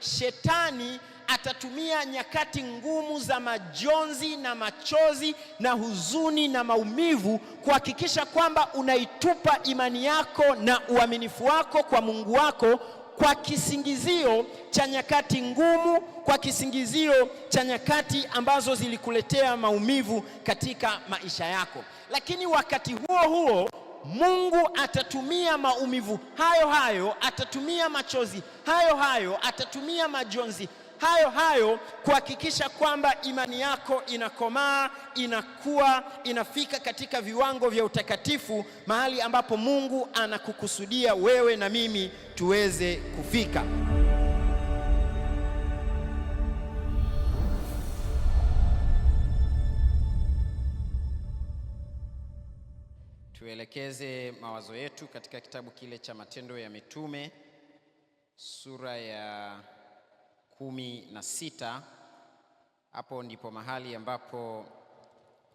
shetani atatumia nyakati ngumu za majonzi na machozi na huzuni na maumivu kuhakikisha kwamba unaitupa imani yako na uaminifu wako kwa Mungu wako kwa kisingizio cha nyakati ngumu, kwa kisingizio cha nyakati ambazo zilikuletea maumivu katika maisha yako. Lakini wakati huo huo Mungu atatumia maumivu hayo hayo, atatumia machozi hayo hayo, atatumia majonzi hayo hayo kuhakikisha kwamba imani yako inakomaa, inakuwa, inafika katika viwango vya utakatifu, mahali ambapo Mungu anakukusudia wewe na mimi tuweze kufika. Tuelekeze mawazo yetu katika kitabu kile cha Matendo ya Mitume sura ya kumi na sita. Hapo ndipo mahali ambapo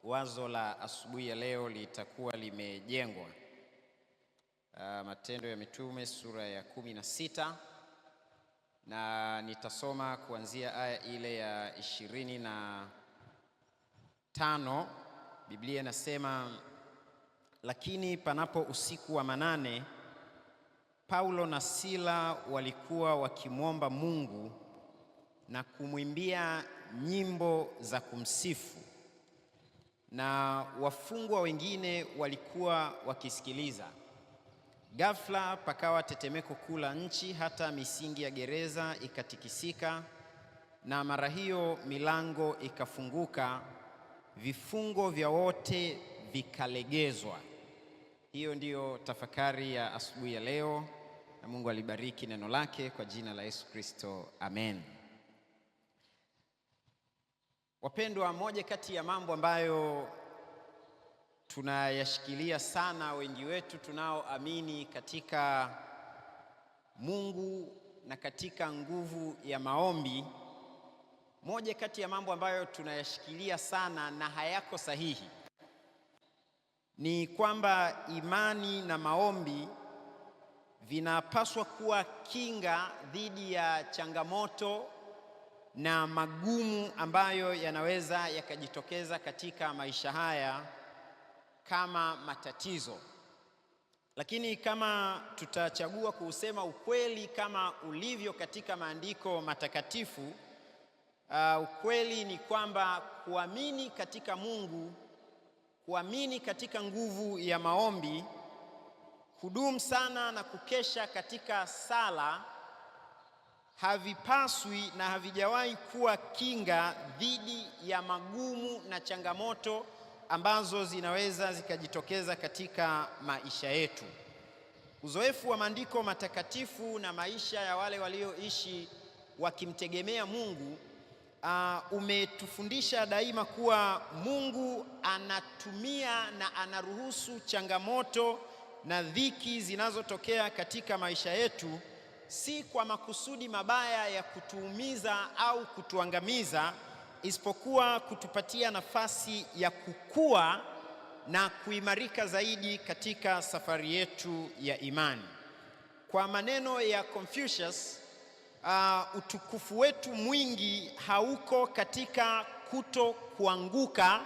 wazo la asubuhi ya leo litakuwa limejengwa. Uh, Matendo ya Mitume sura ya kumi na sita na nitasoma kuanzia aya ile ya ishirini na tano. Biblia inasema lakini panapo usiku wa manane, Paulo na Sila walikuwa wakimwomba Mungu na kumwimbia nyimbo za kumsifu, na wafungwa wengine walikuwa wakisikiliza. Ghafla pakawa tetemeko kuu la nchi, hata misingi ya gereza ikatikisika, na mara hiyo milango ikafunguka, vifungo vya wote vikalegezwa. Hiyo ndiyo tafakari ya asubuhi ya leo, na Mungu alibariki neno lake kwa jina la Yesu Kristo, amen. Wapendwa, moja kati ya mambo ambayo tunayashikilia sana wengi wetu tunaoamini katika Mungu na katika nguvu ya maombi, moja kati ya mambo ambayo tunayashikilia sana na hayako sahihi ni kwamba imani na maombi vinapaswa kuwa kinga dhidi ya changamoto na magumu ambayo yanaweza yakajitokeza katika maisha haya kama matatizo. Lakini kama tutachagua kuusema ukweli kama ulivyo katika maandiko matakatifu, uh, ukweli ni kwamba kuamini katika Mungu kuamini katika nguvu ya maombi, kudumu sana na kukesha katika sala havipaswi na havijawahi kuwa kinga dhidi ya magumu na changamoto ambazo zinaweza zikajitokeza katika maisha yetu. Uzoefu wa maandiko matakatifu na maisha ya wale walioishi wakimtegemea Mungu uh, umetufundisha daima kuwa Mungu anatumia na anaruhusu changamoto na dhiki zinazotokea katika maisha yetu, si kwa makusudi mabaya ya kutuumiza au kutuangamiza, isipokuwa kutupatia nafasi ya kukua na kuimarika zaidi katika safari yetu ya imani. Kwa maneno ya Confucius uh, utukufu wetu mwingi hauko katika kuto kuanguka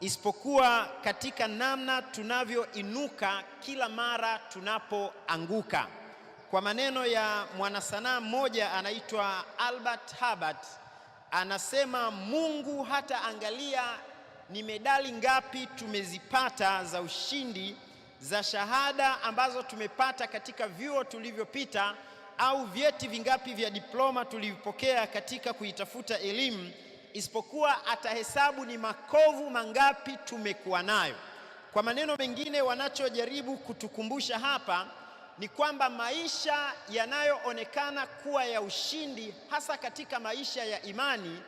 isipokuwa katika namna tunavyoinuka kila mara tunapoanguka. Kwa maneno ya mwanasanaa mmoja anaitwa Albert Hubbard, anasema Mungu hata angalia ni medali ngapi tumezipata za ushindi za shahada ambazo tumepata katika vyuo tulivyopita au vyeti vingapi vya diploma tulivipokea katika kuitafuta elimu, isipokuwa atahesabu ni makovu mangapi tumekuwa nayo. Kwa maneno mengine, wanachojaribu kutukumbusha hapa ni kwamba maisha yanayoonekana kuwa ya ushindi, hasa katika maisha ya imani,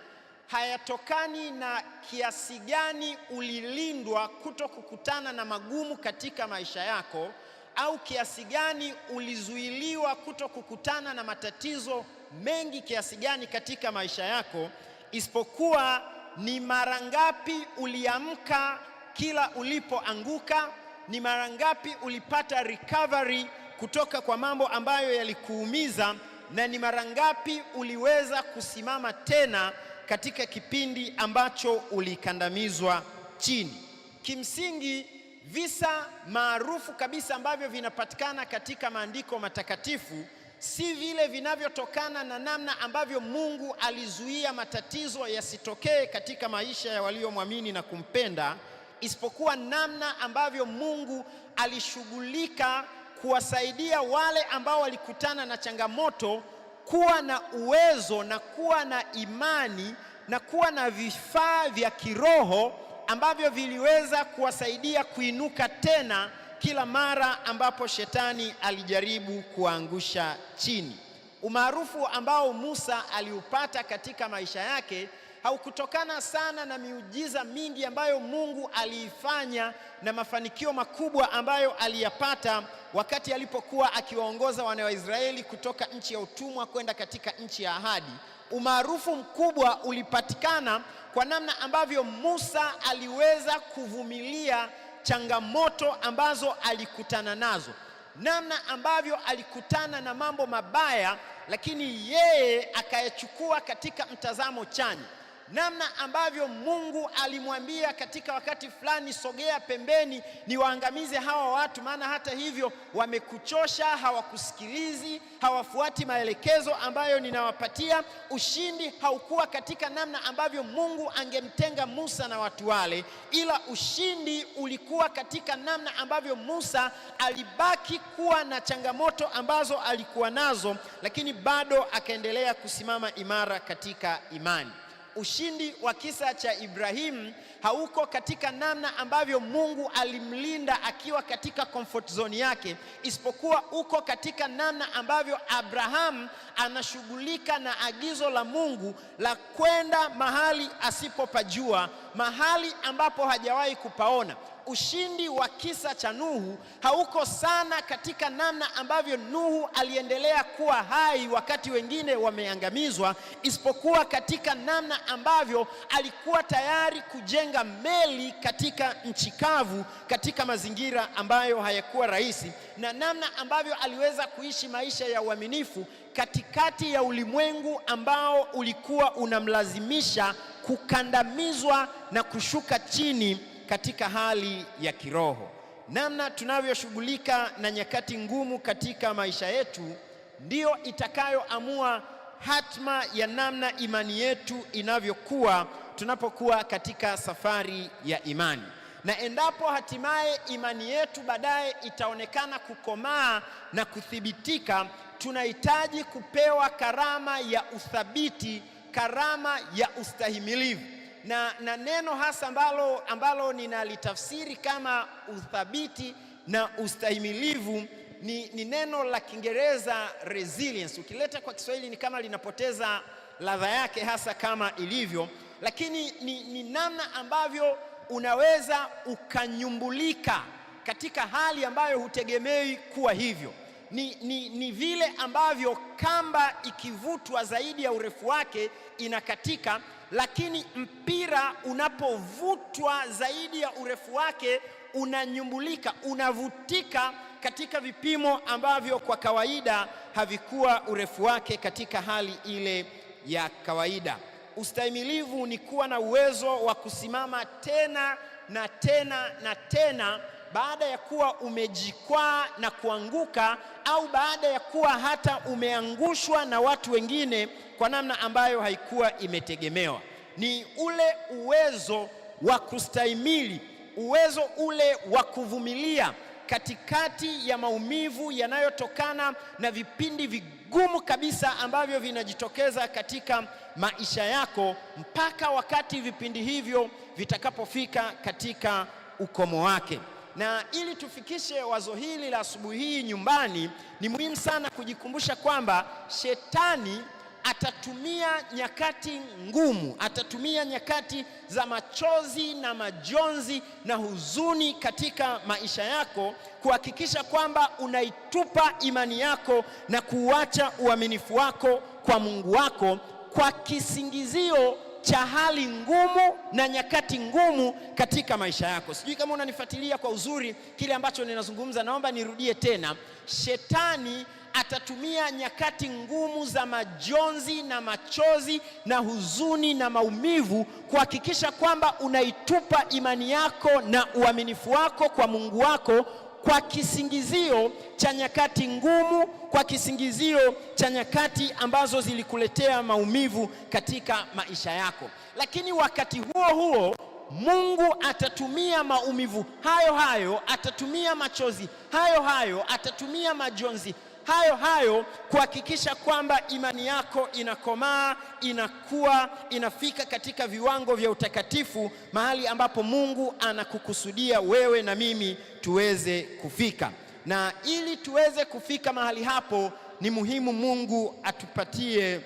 hayatokani na kiasi gani ulilindwa kuto kukutana na magumu katika maisha yako au kiasi gani ulizuiliwa kuto kukutana na matatizo mengi kiasi gani katika maisha yako, isipokuwa ni mara ngapi uliamka kila ulipoanguka, ni mara ngapi ulipata recovery kutoka kwa mambo ambayo yalikuumiza, na ni mara ngapi uliweza kusimama tena katika kipindi ambacho ulikandamizwa chini. Kimsingi Visa maarufu kabisa ambavyo vinapatikana katika maandiko matakatifu si vile vinavyotokana na namna ambavyo Mungu alizuia matatizo yasitokee katika maisha ya waliomwamini na kumpenda, isipokuwa namna ambavyo Mungu alishughulika kuwasaidia wale ambao walikutana na changamoto kuwa na uwezo na kuwa na imani na kuwa na vifaa vya kiroho ambavyo viliweza kuwasaidia kuinuka tena kila mara ambapo shetani alijaribu kuangusha chini. Umaarufu ambao Musa aliupata katika maisha yake haukutokana sana na miujiza mingi ambayo Mungu aliifanya na mafanikio makubwa ambayo aliyapata wakati alipokuwa akiwaongoza wana wa Israeli kutoka nchi ya utumwa kwenda katika nchi ya ahadi. Umaarufu mkubwa ulipatikana kwa namna ambavyo Musa aliweza kuvumilia changamoto ambazo alikutana nazo, namna ambavyo alikutana na mambo mabaya, lakini yeye akayachukua katika mtazamo chanya namna ambavyo Mungu alimwambia katika wakati fulani, sogea pembeni niwaangamize hawa watu, maana hata hivyo wamekuchosha, hawakusikilizi, hawafuati maelekezo ambayo ninawapatia. Ushindi haukuwa katika namna ambavyo Mungu angemtenga Musa na watu wale, ila ushindi ulikuwa katika namna ambavyo Musa alibaki kuwa na changamoto ambazo alikuwa nazo, lakini bado akaendelea kusimama imara katika imani ushindi wa kisa cha Ibrahimu hauko katika namna ambavyo Mungu alimlinda akiwa katika comfort zone yake, isipokuwa uko katika namna ambavyo Abrahamu anashughulika na agizo la Mungu la kwenda mahali asipopajua, mahali ambapo hajawahi kupaona ushindi wa kisa cha Nuhu hauko sana katika namna ambavyo Nuhu aliendelea kuwa hai wakati wengine wameangamizwa, isipokuwa katika namna ambavyo alikuwa tayari kujenga meli katika nchi kavu, katika mazingira ambayo hayakuwa rahisi, na namna ambavyo aliweza kuishi maisha ya uaminifu katikati ya ulimwengu ambao ulikuwa unamlazimisha kukandamizwa na kushuka chini katika hali ya kiroho. Namna tunavyoshughulika na nyakati ngumu katika maisha yetu ndiyo itakayoamua hatma ya namna imani yetu inavyokuwa tunapokuwa katika safari ya imani. Na endapo hatimaye imani yetu baadaye itaonekana kukomaa na kuthibitika, tunahitaji kupewa karama ya uthabiti, karama ya ustahimilivu na, na neno hasa ambalo, ambalo ninalitafsiri kama uthabiti na ustahimilivu ni, ni neno la Kiingereza resilience. Ukileta kwa Kiswahili ni kama linapoteza ladha yake hasa kama ilivyo, lakini ni, ni namna ambavyo unaweza ukanyumbulika katika hali ambayo hutegemei kuwa hivyo. Ni, ni, ni vile ambavyo kamba ikivutwa zaidi ya urefu wake inakatika lakini mpira unapovutwa zaidi ya urefu wake unanyumbulika, unavutika katika vipimo ambavyo kwa kawaida havikuwa urefu wake katika hali ile ya kawaida. Ustahimilivu ni kuwa na uwezo wa kusimama tena na tena na tena baada ya kuwa umejikwaa na kuanguka au baada ya kuwa hata umeangushwa na watu wengine kwa namna ambayo haikuwa imetegemewa. Ni ule uwezo wa kustahimili, uwezo ule wa kuvumilia katikati ya maumivu yanayotokana na vipindi vigumu kabisa ambavyo vinajitokeza katika maisha yako mpaka wakati vipindi hivyo vitakapofika katika ukomo wake. Na ili tufikishe wazo hili la asubuhi hii nyumbani, ni muhimu sana kujikumbusha kwamba shetani atatumia nyakati ngumu, atatumia nyakati za machozi na majonzi na huzuni katika maisha yako kuhakikisha kwamba unaitupa imani yako na kuuacha uaminifu wako kwa Mungu wako kwa kisingizio cha hali ngumu na nyakati ngumu katika maisha yako. Sijui kama unanifuatilia kwa uzuri kile ambacho ninazungumza, naomba nirudie tena. Shetani atatumia nyakati ngumu za majonzi na machozi na huzuni na maumivu kuhakikisha kwamba unaitupa imani yako na uaminifu wako kwa Mungu wako kwa kisingizio cha nyakati ngumu, kwa kisingizio cha nyakati ambazo zilikuletea maumivu katika maisha yako. Lakini wakati huo huo Mungu atatumia maumivu hayo hayo, atatumia machozi hayo hayo, atatumia majonzi hayo hayo kuhakikisha kwamba imani yako inakomaa, inakuwa, inafika katika viwango vya utakatifu, mahali ambapo Mungu anakukusudia wewe na mimi tuweze kufika. Na ili tuweze kufika mahali hapo, ni muhimu Mungu atupatie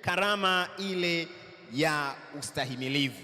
karama ile ya ustahimilivu.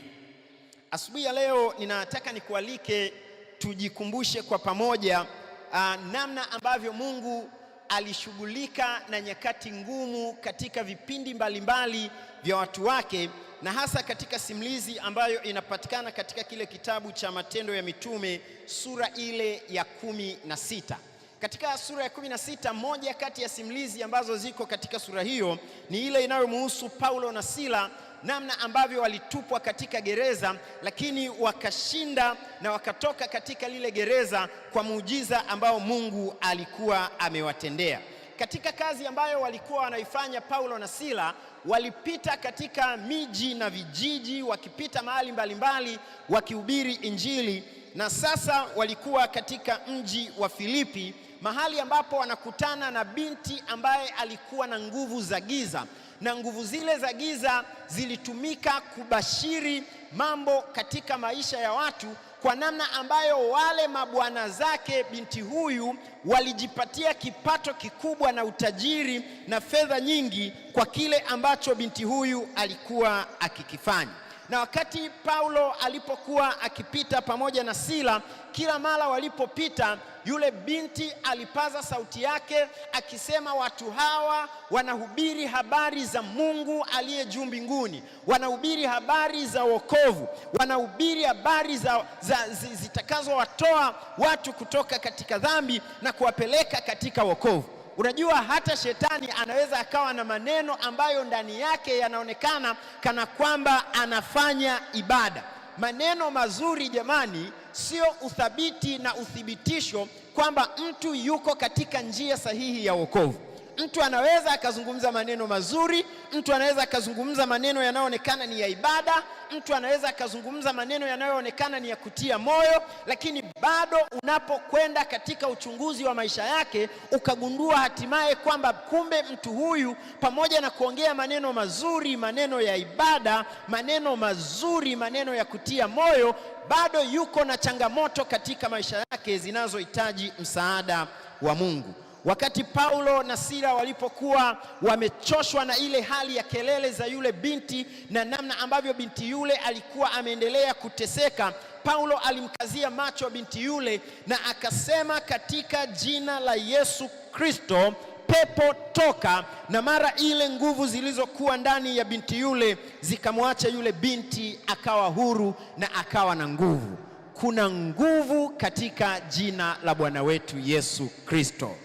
Asubuhi ya leo ninataka nikualike tujikumbushe kwa pamoja, uh, namna ambavyo Mungu alishughulika na nyakati ngumu katika vipindi mbalimbali vya watu wake, na hasa katika simulizi ambayo inapatikana katika kile kitabu cha Matendo ya Mitume sura ile ya kumi na sita. Katika sura ya kumi na sita, moja kati ya simulizi ambazo ziko katika sura hiyo ni ile inayomhusu Paulo na Sila namna ambavyo walitupwa katika gereza, lakini wakashinda na wakatoka katika lile gereza kwa muujiza ambao Mungu alikuwa amewatendea. Katika kazi ambayo walikuwa wanaifanya Paulo na Sila, walipita katika miji na vijiji, wakipita mahali mbalimbali, wakihubiri Injili. Na sasa walikuwa katika mji wa Filipi mahali ambapo wanakutana na binti ambaye alikuwa na nguvu za giza, na nguvu zile za giza zilitumika kubashiri mambo katika maisha ya watu kwa namna ambayo wale mabwana zake binti huyu walijipatia kipato kikubwa na utajiri na fedha nyingi kwa kile ambacho binti huyu alikuwa akikifanya. Na wakati Paulo alipokuwa akipita pamoja na Sila, kila mara walipopita, yule binti alipaza sauti yake akisema, watu hawa wanahubiri habari za Mungu aliye juu mbinguni, wanahubiri habari za wokovu, wanahubiri habari za, za zitakazowatoa watu kutoka katika dhambi na kuwapeleka katika wokovu. Unajua hata shetani anaweza akawa na maneno ambayo ndani yake yanaonekana kana kwamba anafanya ibada. Maneno mazuri jamani, sio uthabiti na uthibitisho kwamba mtu yuko katika njia sahihi ya wokovu. Mtu anaweza akazungumza maneno mazuri, mtu anaweza akazungumza maneno yanayoonekana ni ya ibada, mtu anaweza akazungumza maneno yanayoonekana ni ya kutia moyo, lakini bado unapokwenda katika uchunguzi wa maisha yake ukagundua hatimaye kwamba kumbe mtu huyu pamoja na kuongea maneno mazuri, maneno ya ibada, maneno mazuri, maneno ya kutia moyo, bado yuko na changamoto katika maisha yake zinazohitaji msaada wa Mungu. Wakati Paulo na Sila walipokuwa wamechoshwa na ile hali ya kelele za yule binti na namna ambavyo binti yule alikuwa ameendelea kuteseka, Paulo alimkazia macho binti yule na akasema, katika jina la Yesu Kristo, pepo toka. Na mara ile nguvu zilizokuwa ndani ya binti yule zikamwacha yule binti, akawa huru na akawa na nguvu. Kuna nguvu katika jina la Bwana wetu Yesu Kristo.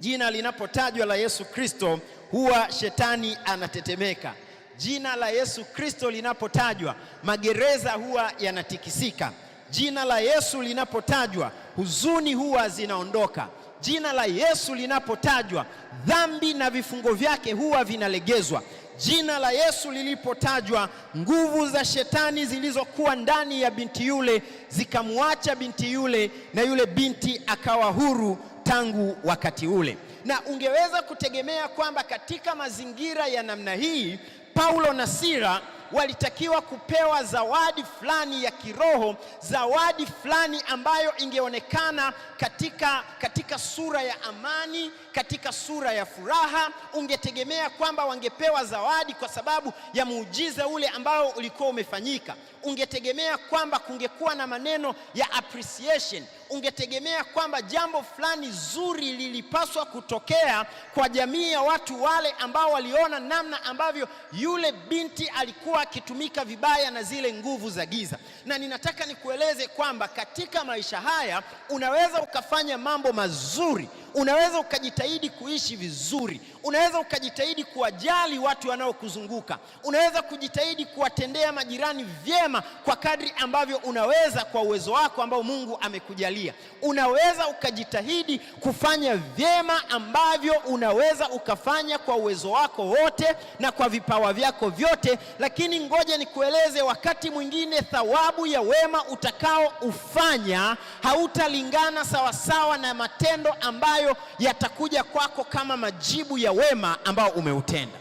Jina linapotajwa la Yesu Kristo huwa shetani anatetemeka. Jina la Yesu Kristo linapotajwa magereza huwa yanatikisika. Jina la Yesu linapotajwa huzuni huwa zinaondoka. Jina la Yesu linapotajwa dhambi na vifungo vyake huwa vinalegezwa. Jina la Yesu lilipotajwa nguvu za shetani zilizokuwa ndani ya binti yule zikamwacha binti yule, na yule binti akawa huru tangu wakati ule, na ungeweza kutegemea kwamba katika mazingira ya namna hii Paulo na Sila walitakiwa kupewa zawadi fulani ya kiroho, zawadi fulani ambayo ingeonekana katika, katika sura ya amani, katika sura ya furaha. Ungetegemea kwamba wangepewa zawadi kwa sababu ya muujiza ule ambao ulikuwa umefanyika. Ungetegemea kwamba kungekuwa na maneno ya appreciation. Ungetegemea kwamba jambo fulani zuri lilipaswa kutokea kwa jamii ya watu wale ambao waliona namna ambavyo yule binti alikuwa amekuwa akitumika vibaya na zile nguvu za giza, na ninataka nikueleze kwamba katika maisha haya unaweza ukafanya mambo mazuri Unaweza ukajitahidi kuishi vizuri, unaweza ukajitahidi kuwajali watu wanaokuzunguka, unaweza kujitahidi kuwatendea majirani vyema kwa kadri ambavyo unaweza kwa uwezo wako ambao Mungu amekujalia. Unaweza ukajitahidi kufanya vyema ambavyo unaweza ukafanya kwa uwezo wako wote na kwa vipawa vyako vyote, lakini ngoja nikueleze, wakati mwingine thawabu ya wema utakaoufanya hautalingana sawasawa na matendo ambayo ambayo yatakuja kwako kama majibu ya wema ambao umeutenda.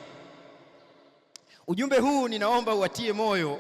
Ujumbe huu ninaomba uwatie moyo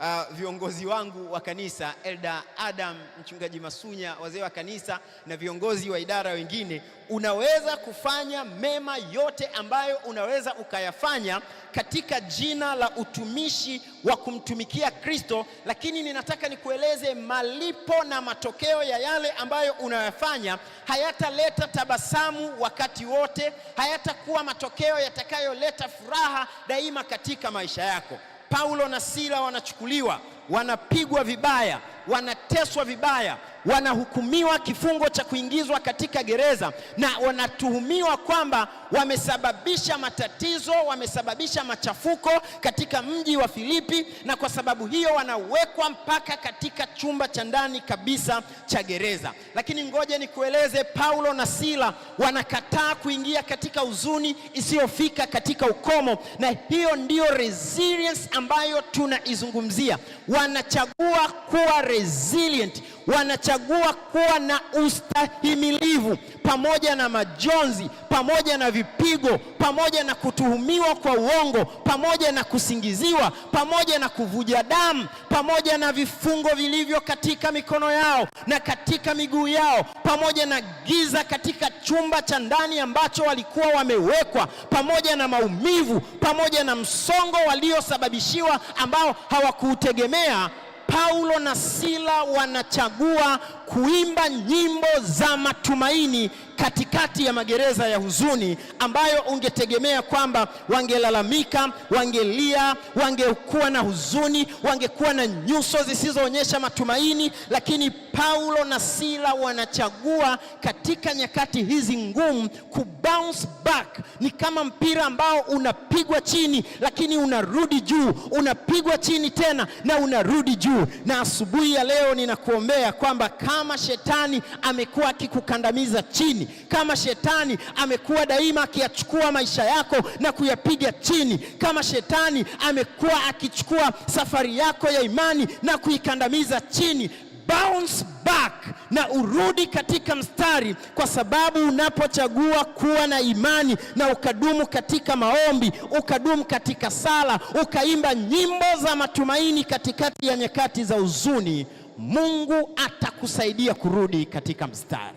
uh, viongozi wangu wa kanisa Elda Adam, mchungaji Masunya, wazee wa kanisa na viongozi wa idara wengine, unaweza kufanya mema yote ambayo unaweza ukayafanya katika jina la utumishi wa kumtumikia Kristo, lakini ninataka nikueleze malipo na matokeo ya yale ambayo unayafanya hayataleta tabasamu wakati wote, hayatakuwa matokeo yatakayoleta furaha daima katika maisha yako. Paulo na Sila wanachukuliwa, wanapigwa vibaya, wanateswa vibaya wanahukumiwa kifungo cha kuingizwa katika gereza na wanatuhumiwa kwamba wamesababisha matatizo, wamesababisha machafuko katika mji wa Filipi, na kwa sababu hiyo wanawekwa mpaka katika chumba cha ndani kabisa cha gereza. Lakini ngoja nikueleze, Paulo na Sila wanakataa kuingia katika huzuni isiyofika katika ukomo, na hiyo ndiyo resilience ambayo tunaizungumzia. Wanachagua kuwa resilient wanachagua kuwa na ustahimilivu pamoja na majonzi, pamoja na vipigo, pamoja na kutuhumiwa kwa uongo, pamoja na kusingiziwa, pamoja na kuvuja damu, pamoja na vifungo vilivyo katika mikono yao na katika miguu yao, pamoja na giza katika chumba cha ndani ambacho walikuwa wamewekwa, pamoja na maumivu, pamoja na msongo waliosababishiwa ambao hawakuutegemea. Paulo na Sila wanachagua kuimba nyimbo za matumaini katikati ya magereza ya huzuni ambayo ungetegemea kwamba wangelalamika, wangelia, wangekuwa na huzuni, wangekuwa na nyuso zisizoonyesha matumaini, lakini Paulo na Sila wanachagua katika nyakati hizi ngumu ku bounce back. Ni kama mpira ambao unapigwa chini lakini unarudi juu, unapigwa chini tena na unarudi juu. Na asubuhi ya leo ninakuombea kwamba kama shetani amekuwa akikukandamiza chini, kama shetani amekuwa daima akiyachukua maisha yako na kuyapiga chini, kama shetani amekuwa akichukua safari yako ya imani na kuikandamiza chini, bounce back na urudi katika mstari, kwa sababu unapochagua kuwa na imani na ukadumu katika maombi, ukadumu katika sala, ukaimba nyimbo za matumaini katikati ya nyakati za huzuni, Mungu atakusaidia kurudi katika mstari.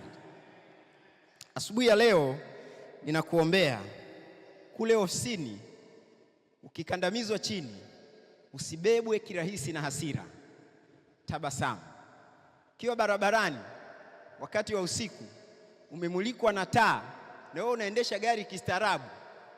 Asubuhi ya leo ninakuombea kule ofisini, ukikandamizwa chini, usibebwe kirahisi na hasira, tabasamu. Ukiwa barabarani wakati wa usiku, umemulikwa na taa na wewe unaendesha gari kistaarabu,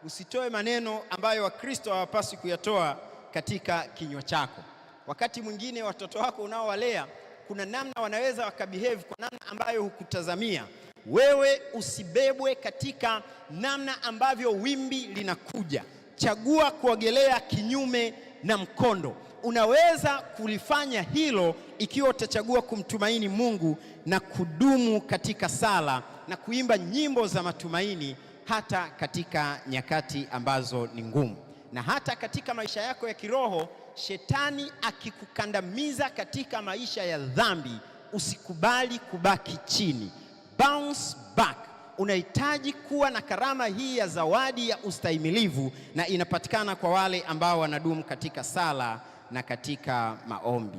usitoe maneno ambayo Wakristo hawapaswi kuyatoa katika kinywa chako. Wakati mwingine watoto wako unaowalea, kuna namna wanaweza wakabehave kwa namna ambayo hukutazamia. Wewe usibebwe katika namna ambavyo wimbi linakuja. Chagua kuogelea kinyume na mkondo. Unaweza kulifanya hilo ikiwa utachagua kumtumaini Mungu na kudumu katika sala na kuimba nyimbo za matumaini hata katika nyakati ambazo ni ngumu. Na hata katika maisha yako ya kiroho, shetani akikukandamiza katika maisha ya dhambi, usikubali kubaki chini bounce back. Unahitaji kuwa na karama hii ya zawadi ya ustahimilivu, na inapatikana kwa wale ambao wanadumu katika sala na katika maombi.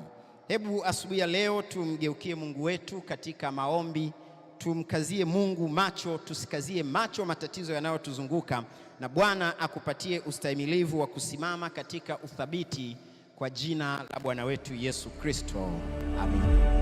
Hebu asubuhi ya leo tumgeukie Mungu wetu katika maombi, tumkazie Mungu macho, tusikazie macho matatizo yanayotuzunguka, na Bwana akupatie ustahimilivu wa kusimama katika uthabiti, kwa jina la Bwana wetu Yesu Kristo, amen.